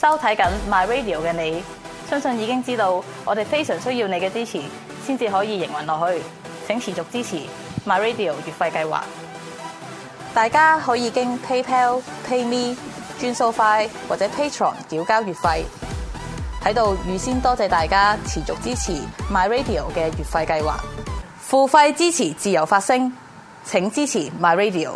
收睇緊 My Radio 嘅你，相信已經知道我哋非常需要你嘅支持，先至可以營運落去，請持續支持 My Radio 月費計劃。大家可以經 PayPal、PayMe、轉數快或者 Patreon 繳交月費。喺度預先多謝大家持續支持 My Radio 嘅月費計劃，付費支持自由發聲，請支持 My Radio。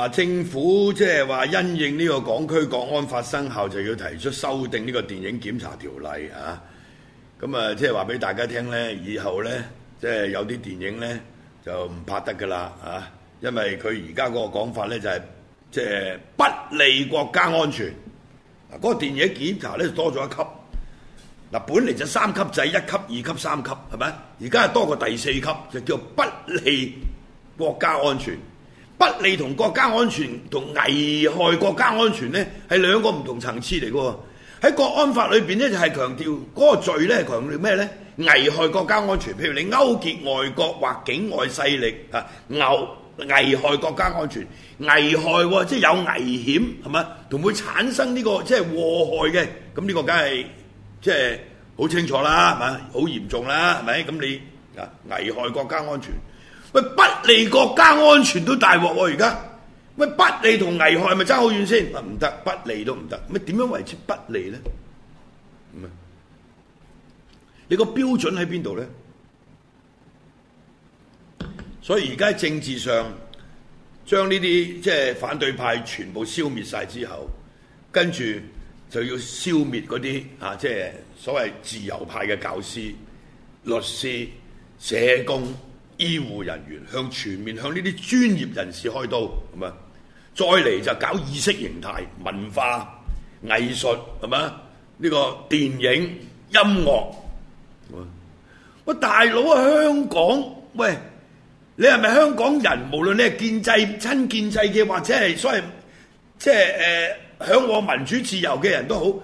啊！政府即係話因應呢個《港區國安法》生效，就要提出修訂呢個電影檢查條例啊！咁啊，即係話俾大家聽呢以後呢，即係有啲電影呢就唔拍得噶啦啊！因為佢而家嗰個講法呢就係即係不利國家安全嗱，嗰個電影檢查呢就多咗一級嗱，本嚟就三級制，一級、二級、三級係咪？而家係多過第四級，就叫做不利國家安全。不利同國家安全同危害國家安全呢係兩個唔同層次嚟嘅喎。喺國安法裏邊呢就係強調嗰個罪咧，強調咩呢？危害國家安全，譬如你勾結外國或境外勢力嚇，危害國家安全，危害即係有危險係嘛，同會產生呢個即係禍害嘅。咁呢個梗係即係好清楚啦，係嘛，好嚴重啦，係咪？咁你啊危害國家安全。喂，不利國家安全都大鑊喎！而家，喂，不利同危害咪爭好遠先？話唔得，不利都唔得。咩點樣為之不利咧？你個標準喺邊度咧？所以而家政治上將呢啲即係反對派全部消滅晒之後，跟住就要消滅嗰啲啊，即係所謂自由派嘅教師、律師、社工。醫護人員向全面向呢啲專業人士開刀，咁啊，再嚟就搞意識形態、文化、藝術，係嘛？呢個電影、音樂，喂，大佬啊，香港，喂，你係咪香港人？無論你係建制、親建制嘅，或者係所謂即係誒，向往民主自由嘅人都好，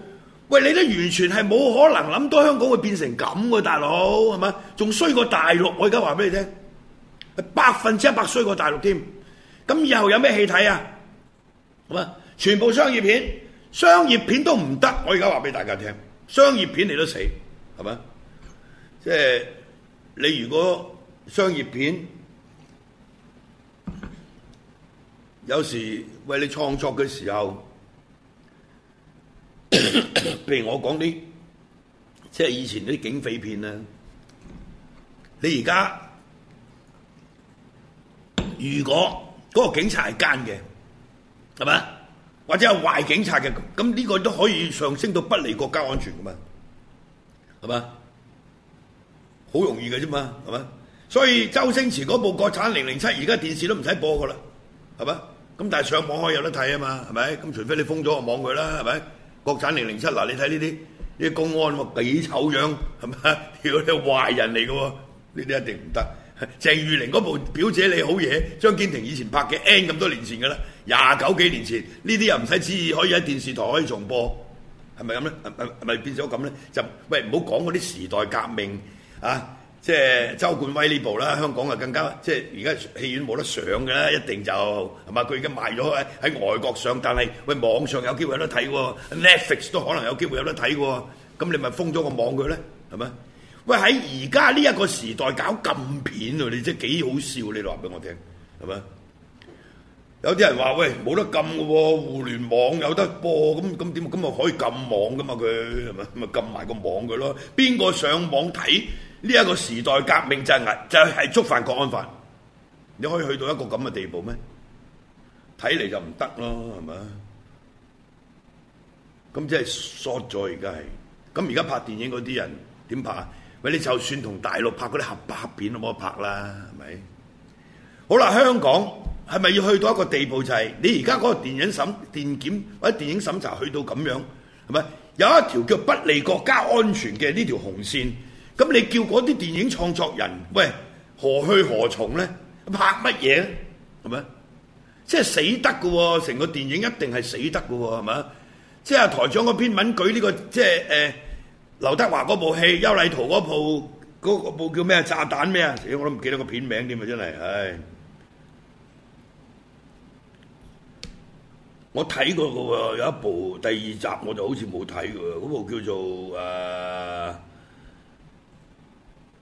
喂，你都完全係冇可能諗到香港會變成咁嘅，大佬，係嘛？仲衰過大陸，我而家話俾你聽。百分之一百衰過大陸添，咁以後有咩戲睇啊？係嘛，全部商業片，商業片都唔得。我而家話俾大家聽，商業片嚟都死，係嘛？即係你如果商業片，有時為你創作嘅時候，譬 如我講啲，即係以前啲警匪片啦，你而家。如果嗰個警察係奸嘅，係咪？或者係壞警察嘅，咁呢個都可以上升到不利國家安全噶嘛？係咪？好容易嘅啫嘛，係咪？所以周星馳嗰部國產零零七而家電視都唔使播噶啦，係咪？咁但係上網可以有得睇啊嘛，係咪？咁除非你封咗個網佢啦，係咪？國產零零七嗱，你睇呢啲呢啲公安喎幾醜樣，係咪？屌，你壞人嚟嘅喎，呢啲一定唔得。鄭裕玲嗰部《表姐你好嘢》，張堅庭以前拍嘅 N 咁多年前噶啦，廿九幾年前，呢啲又唔使旨意可以喺電視台可以重播，係咪咁咧？係咪變咗咁咧？就喂唔好講嗰啲時代革命啊，即係周冠威呢部啦，香港啊更加即係而家戲院冇得上噶啦，一定就係嘛？佢已經賣咗喺外國上，但係喂網上有機會有得睇喎，Netflix 都可能有機會有得睇喎，咁你咪封咗個網佢咧？係咪？喂，喺而家呢一個時代搞禁片啊！你真係幾好笑！你話俾我聽，係咪？有啲人話：喂，冇得禁嘅喎，互聯網有得播，咁咁點？咁咪可以禁網嘅嘛？佢係咪咪禁埋個網佢咯？邊個上網睇呢一個時代革命陣營就係就係觸犯國安法？你可以去到一個咁嘅地步咩？睇嚟就唔得咯，係咪？咁即係鎖咗而家係，咁而家拍電影嗰啲人點拍？喂，你就算同大陸拍嗰啲合拍片都冇得拍啦，係咪？好啦，香港係咪要去到一個地步，就係你而家嗰個電影審電檢或者電影審查去到咁樣，係咪？有一條叫不利國家安全嘅呢條紅線，咁你叫嗰啲電影創作人，喂，何去何從呢？拍乜嘢呢？係咪？即係死得噶喎，成個電影一定係死得噶喎，係咪？即係台長嗰篇文舉呢個，即係誒。劉德華嗰部戲，邱禮濤嗰部，部叫咩？炸彈咩啊？我都唔記得個片名添啊！真係，唉、哎，我睇過噶有一部第二集，我就好似冇睇噶喎，嗰部叫做啊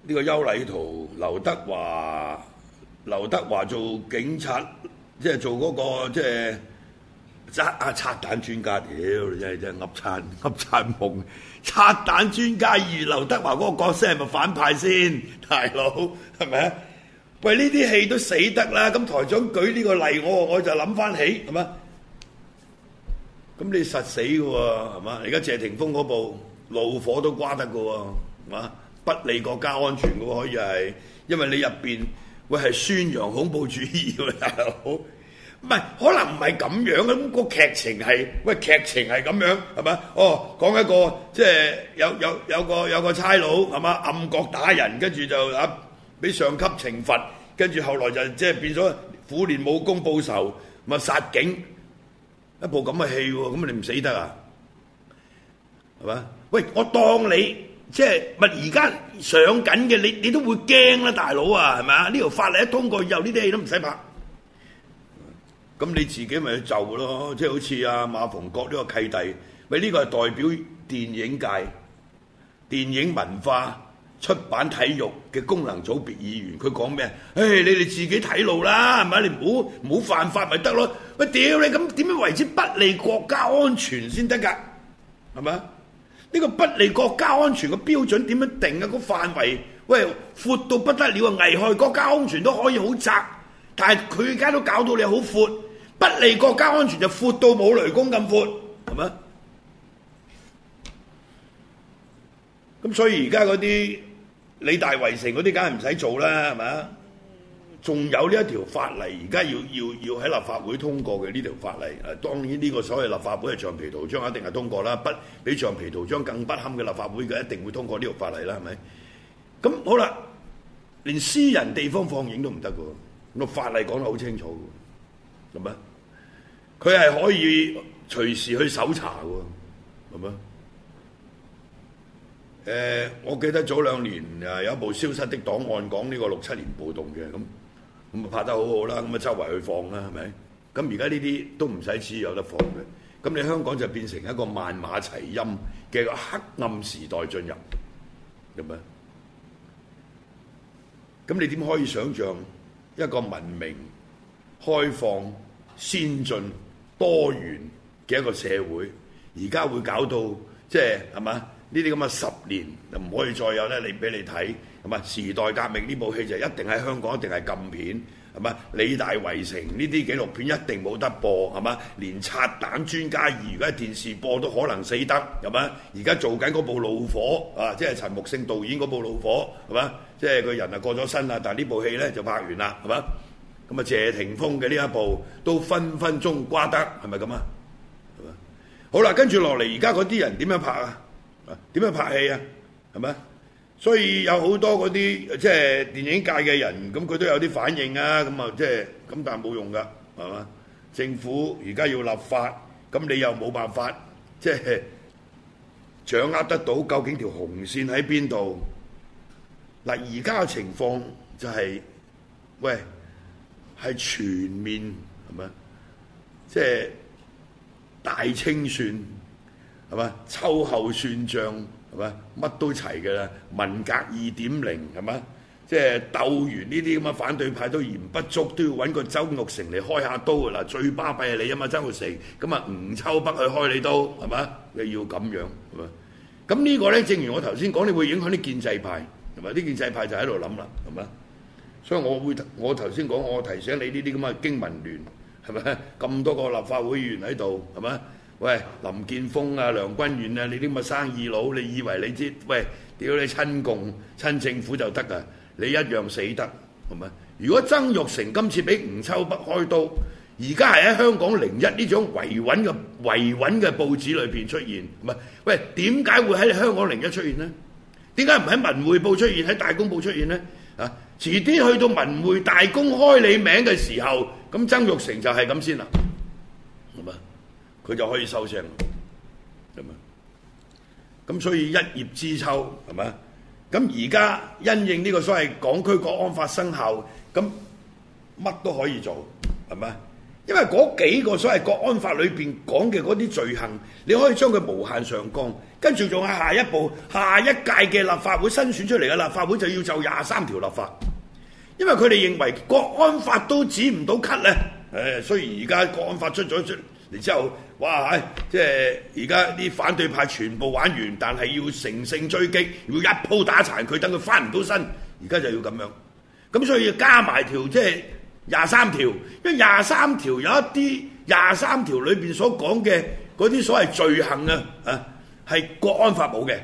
呢、呃這個邱禮濤，劉德華，劉德華做警察，即係做嗰、嗰個即係。拆啊！拆彈專家，屌、哎、你真係真係噏餐噏餐夢，拆 彈專家二劉德華嗰個角色係咪反派先，大佬係咪啊？喂，呢啲戲都死得啦！咁台長舉呢個例，我我就諗翻起係嘛？咁你實死嘅喎，係嘛？而家謝霆鋒嗰部怒火都瓜得嘅喎，係嘛？不利國家安全嘅喎，可以係，因為你入邊會係宣揚恐怖主義喎，大佬。唔係，可能唔係咁樣。咁個劇情係，喂，劇情係咁樣係嘛？哦，講一個即係有有有個有個差佬係嘛？暗角打人，跟住就啊，俾上級懲罰，跟住後來就即係變咗苦練武功報仇，咪殺警一部咁嘅戲喎。咁你唔死得啊？係嘛？喂，我當你即係咪而家上緊嘅，你你都會驚啦，大佬啊，係咪啊？呢條法律一通過，以後呢啲戲都唔使拍。咁你自己咪去就咯，即係好似阿、啊、馬逢國呢個契弟，喂、這、呢個係代表電影界、電影文化、出版、體育嘅功能組別議員，佢講咩？唉你哋自己睇路啦，係咪？你唔好唔好犯法咪得咯。喂，屌你咁點樣為之不利國家安全先得㗎？係咪呢個不利國家安全嘅標準點樣定啊？個範圍，喂闊到不得了啊！危害國家安全都可以好窄，但係佢而家都搞到你好闊。不利國家安全就闊到冇雷公咁闊，係咪？咁所以而家嗰啲理大圍城嗰啲，梗係唔使做啦，係咪啊？仲有呢一條法例，而家要要要喺立法會通過嘅呢條法例。當然呢個所謂立法會係橡皮圖章，一定係通過啦。不比橡皮圖章更不堪嘅立法會嘅，一定會通過呢條法例啦，係咪？咁好啦，連私人地方放映都唔得嘅，咁個法例講得好清楚。咁啊！佢係可以隨時去搜查嘅，咁啊！誒、呃，我記得早兩年啊有一部《消失的檔案》，講呢個六七年暴動嘅，咁咁啊拍得好好啦，咁啊周圍去放啦，係咪？咁而家呢啲都唔使旨意有得放嘅，咁你香港就變成一個萬馬齊喑嘅黑暗時代進入，咁啊！咁你點可以想像一個文明開放？先進多元嘅一個社會，而家會搞到即係係嘛？呢啲咁嘅十年就唔可以再有咧。你俾你睇，係嘛？時代革命呢部戲就一定喺香港，一定係禁片，係嘛？李大圍城呢啲紀錄片一定冇得播，係嘛？連拆彈專家二，而家電視播都可能死得，係嘛？而家做緊嗰部怒火啊，即係陳木勝導演嗰部怒火，係嘛？即係個人啊過咗身啦，但係呢部戲咧就拍完啦，係嘛？咁啊，謝霆鋒嘅呢一部都分分鐘瓜得，係咪咁啊？係嘛，好啦，跟住落嚟，而家嗰啲人點樣拍啊？點樣拍戲啊？係咪？所以有好多嗰啲即係電影界嘅人，咁佢都有啲反應啊。咁啊，即係咁，但係冇用噶，係嘛？政府而家要立法，咁你又冇辦法，即係掌握得到究竟條紅線喺邊度？嗱，就是，而家嘅情況就係喂。係全面係嘛？即係大清算係嘛？秋後算賬係嘛？乜都齊㗎啦！文革二點零係嘛？即係鬥完呢啲咁嘅反對派都嫌不足，都要揾個周玉成嚟開下刀。嗱，最巴閉係你啊嘛，周玉成，咁啊，吳秋北去開你刀係嘛？你要咁樣係嘛？咁呢個咧，正如我頭先講，你會影響啲建制派，同埋啲建制派就喺度諗啦，係嘛？所以我會，我頭先講，我提醒你呢啲咁嘅經文聯，係咪咁多個立法會議員喺度，係咪？喂，林健鋒啊、梁君彥啊，你啲咁嘅生意佬，你以為你知？喂，屌你親共、親政府就得啊？你一樣死得，係咪？如果曾鈺成今次俾吳秋北開刀，而家係喺香港零一呢種維穩嘅維穩嘅報紙裏邊出現，唔係喂，點解會喺香港零一出現呢？點解唔喺文匯報出現，喺大公報出現呢？啊！遲啲去到文會大公開你名嘅時候，咁曾玉成就係咁先啦，係咪？佢就可以收聲，係咁，所以一葉知秋，係咪？咁而家因應呢個所謂港區國安法生效，咁乜都可以做，係咪？因為嗰幾個所謂國安法裏邊講嘅嗰啲罪行，你可以將佢無限上綱，跟住仲有下一步，下一屆嘅立法會，新選出嚟嘅立法會就要就廿三條立法。因為佢哋認為國安法都止唔到咳咧，誒，雖然而家國安法出咗出嚟之後，哇係，即係而家啲反對派全部玩完，但係要乘勝追擊，要一鋪打殘佢，他等佢翻唔到身，而家就要咁樣，咁所以要加埋條即係廿三條，因為廿三條有一啲廿三條裏邊所講嘅嗰啲所謂罪行啊，啊，係國安法冇嘅，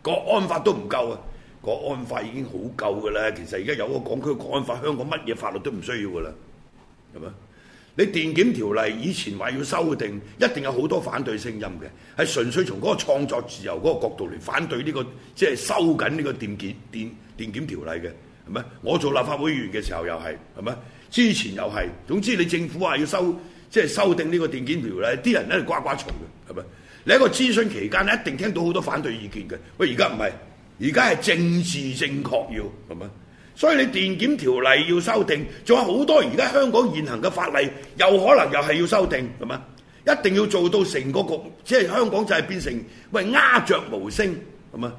國安法都唔夠啊！國安法已經好夠㗎啦，其實而家有個港區國安法，香港乜嘢法律都唔需要㗎啦，係咪？你電檢條例以前話要修訂，一定有好多反對聲音嘅，係純粹從嗰個創作自由嗰個角度嚟反對呢個，即係收緊呢個電檢電電檢條例嘅，係咪？我做立法會議員嘅時候又係，係咪？之前又係，總之你政府話要修，即係修訂呢個電檢條例，啲人喺度呱呱嘈嘅，係咪？你喺個諮詢期間咧，一定聽到好多反對意見嘅，喂，而家唔係。而家係政治正確要係咪？所以你電檢條例要修訂，仲有好多而家香港現行嘅法例，又可能又係要修訂，係咪？一定要做到成個局，即係香港就係變成喂鴉雀無聲，係咪？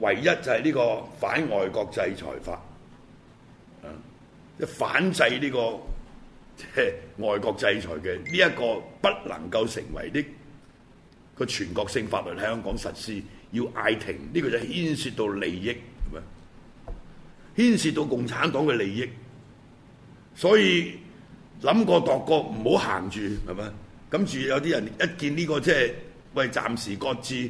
唯一就係呢個反外國制裁法，嗯，即反制呢個即外國制裁嘅呢一個不能夠成為啲。個全國性法律喺香港實施，要嗌停呢個就牽涉到利益，係咪？牽涉到共產黨嘅利益，所以諗過度過唔好行住，係咪？咁住有啲人一見呢個即係喂，暫時擱置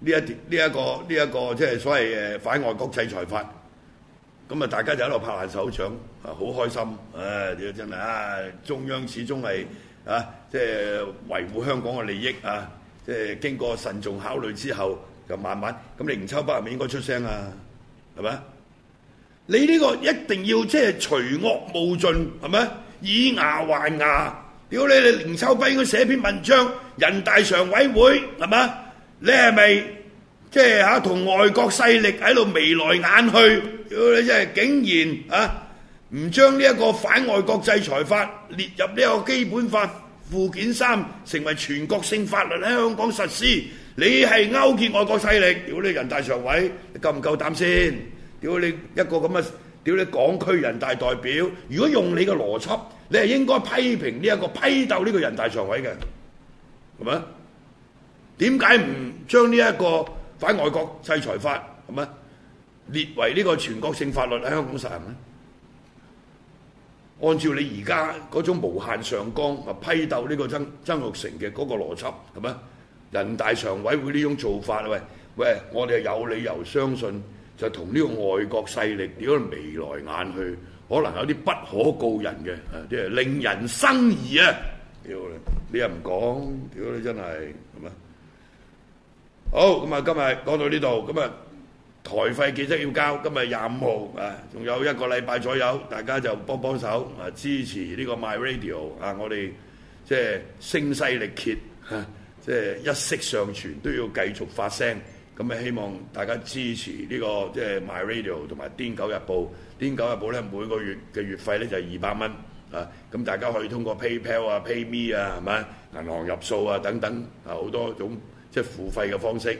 呢一碟呢一個呢一個即係所謂誒反外國制裁法，咁啊大家就喺度拍爛手掌啊，好開心啊！你真係啊，中央始終係啊，即係維護香港嘅利益啊！即係經過慎重考慮之後，就慢慢咁。梁秋輝係咪應該出聲啊？係咪？你呢個一定要即係除惡務盡，係咪？以牙還牙，屌你！你梁秋輝應該寫篇文章。人大常委會係咪？你係咪即係吓同外國勢力喺度眉來眼去？屌你即係竟然啊！唔將呢一個反外國制裁法列入呢個基本法，附件三成為全國性法律喺香港實施，你係勾結外國勢力，屌你人大常委夠唔夠膽先？屌你，你一個咁嘅，屌你港區人大代表，如果用你嘅邏輯，你係應該批評呢一個批鬥呢個人大常委嘅，係咪啊？點解唔將呢一個反外國制裁法係咪列為呢個全國性法律喺香港實行咧？按照你而家嗰種無限上綱啊，批鬥呢個曾曾鈺成嘅嗰個邏輯係咪啊？人大常委會呢種做法，喂喂，我哋有理由相信就同呢個外國勢力屌嚟眉來眼去，可能有啲不可告人嘅啊，即係令人生疑啊！屌你，你又唔講，屌你真係係咪？好，咁啊，今日講到呢度，今日。台費記得要交，今日廿五號啊，仲有一個禮拜左右，大家就幫幫手啊，支持呢個 My Radio 啊，我哋即係聲勢力竭嚇，即、就、係、是、一息尚存都要繼續發聲，咁啊希望大家支持呢個即係 My Radio 同埋《癲狗日報》。《癲狗日報》咧每個月嘅月費咧就係二百蚊啊，咁大家可以通過 PayPal 啊 Pay、PayMe 啊，係咪銀行入數啊等等啊好多種即係付費嘅方式。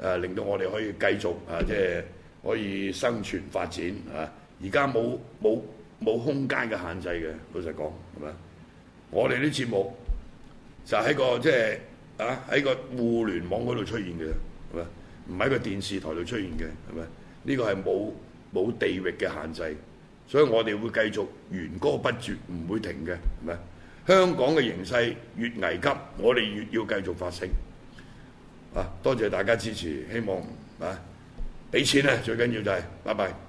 誒令到我哋可以繼續誒，即係可以生存發展啊！而家冇冇冇空間嘅限制嘅，老實講，係咪？我哋啲節目就喺個即係啊，喺個互聯網嗰度出現嘅，係咪？唔喺個電視台度出現嘅，係咪？呢個係冇冇地域嘅限制，所以我哋會繼續弦歌不絕，唔會停嘅，係咪？香港嘅形勢越危急，我哋越要繼續發聲。啊！多謝大家支持，希望啊，俾錢啊，最緊要就係，拜拜。